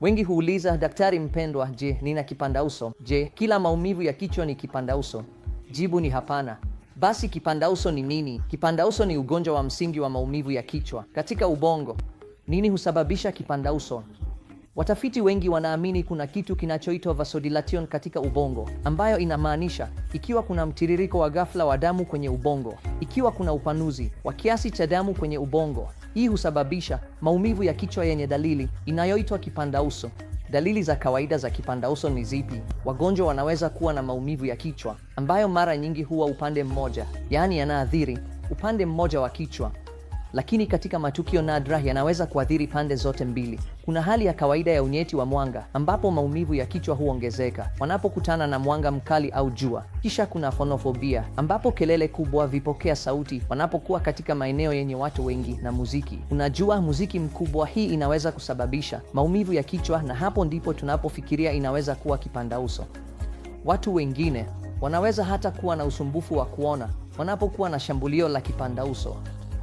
Wengi huuliza daktari mpendwa, je, nina kipanda uso? Je, kila maumivu ya kichwa ni kipanda uso? Jibu ni hapana. Basi kipanda uso ni nini? Kipanda uso ni ugonjwa wa msingi wa maumivu ya kichwa katika ubongo. Nini husababisha kipanda uso? Watafiti wengi wanaamini kuna kitu kinachoitwa vasodilation katika ubongo, ambayo inamaanisha ikiwa kuna mtiririko wa ghafla wa damu kwenye ubongo, ikiwa kuna upanuzi wa kiasi cha damu kwenye ubongo, hii husababisha maumivu ya kichwa yenye dalili inayoitwa kipandauso. Dalili za kawaida za kipandauso ni zipi? Wagonjwa wanaweza kuwa na maumivu ya kichwa ambayo mara nyingi huwa upande mmoja, yaani yanaathiri upande mmoja wa kichwa lakini katika matukio nadra yanaweza kuathiri pande zote mbili. Kuna hali ya kawaida ya unyeti wa mwanga ambapo maumivu ya kichwa huongezeka wanapokutana na mwanga mkali au jua. Kisha kuna fonofobia ambapo kelele kubwa, vipokea sauti wanapokuwa katika maeneo yenye watu wengi na muziki. Unajua, muziki mkubwa, hii inaweza kusababisha maumivu ya kichwa, na hapo ndipo tunapofikiria inaweza kuwa kipandauso. Watu wengine wanaweza hata kuwa na usumbufu wa kuona wanapokuwa na shambulio la kipandauso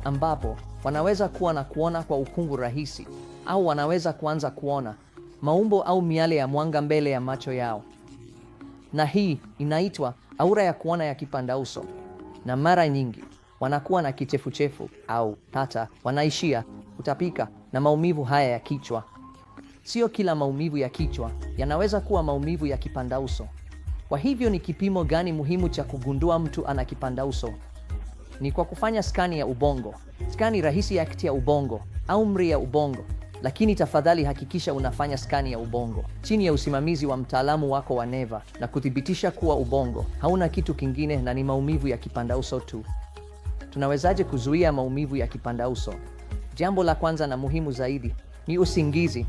ambapo wanaweza kuwa na kuona kwa ukungu rahisi au wanaweza kuanza kuona maumbo au miale ya mwanga mbele ya macho yao, na hii inaitwa aura ya kuona ya kipandauso, na mara nyingi wanakuwa na kichefuchefu au hata wanaishia kutapika na maumivu haya ya kichwa. Sio kila maumivu ya kichwa yanaweza kuwa maumivu ya kipandauso. Kwa hivyo, ni kipimo gani muhimu cha kugundua mtu ana kipandauso? ni kwa kufanya skani ya ubongo, skani rahisi ya CT ya ubongo au MRI ya ubongo, lakini tafadhali hakikisha unafanya skani ya ubongo chini ya usimamizi wa mtaalamu wako wa neva na kuthibitisha kuwa ubongo hauna kitu kingine na ni maumivu ya kipandauso tu. Tunawezaje kuzuia maumivu ya kipandauso? Jambo la kwanza na muhimu zaidi ni usingizi.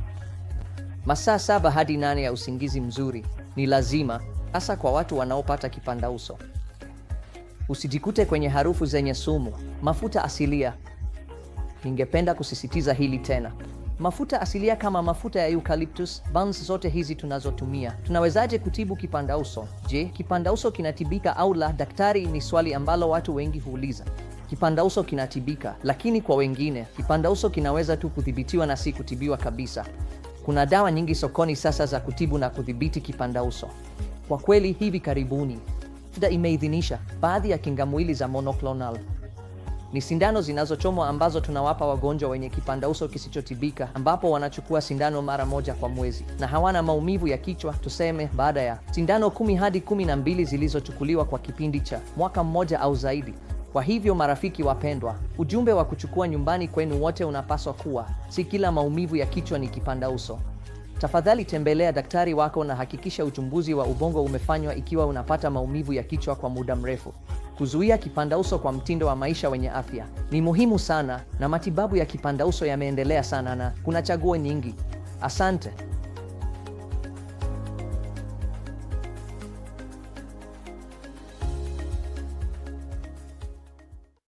Masaa saba hadi nane ya usingizi mzuri ni lazima, hasa kwa watu wanaopata kipandauso. Usijikute kwenye harufu zenye sumu, mafuta asilia. Ningependa kusisitiza hili tena, mafuta asilia kama mafuta ya eucalyptus, bans zote hizi tunazotumia. Tunawezaje kutibu kipandauso? Je, kipandauso kinatibika au la? Daktari, ni swali ambalo watu wengi huuliza. Kipandauso kinatibika, lakini kwa wengine kipandauso kinaweza tu kudhibitiwa na si kutibiwa kabisa. Kuna dawa nyingi sokoni sasa za kutibu na kudhibiti kipandauso. Kwa kweli hivi karibuni FDA imeidhinisha baadhi ya kingamwili za monoclonal. Ni sindano zinazochomwa ambazo tunawapa wagonjwa wenye kipandauso kisichotibika ambapo wanachukua sindano mara moja kwa mwezi na hawana maumivu ya kichwa, tuseme baada ya sindano kumi hadi kumi na mbili zilizochukuliwa kwa kipindi cha mwaka mmoja au zaidi. Kwa hivyo marafiki wapendwa, ujumbe wa kuchukua nyumbani kwenu wote unapaswa kuwa si kila maumivu ya kichwa ni kipandauso. Tafadhali tembelea daktari wako na hakikisha uchunguzi wa ubongo umefanywa ikiwa unapata maumivu ya kichwa kwa muda mrefu. Kuzuia kipandauso kwa mtindo wa maisha wenye afya ni muhimu sana, na matibabu ya kipandauso yameendelea sana na kuna chaguo nyingi. Asante.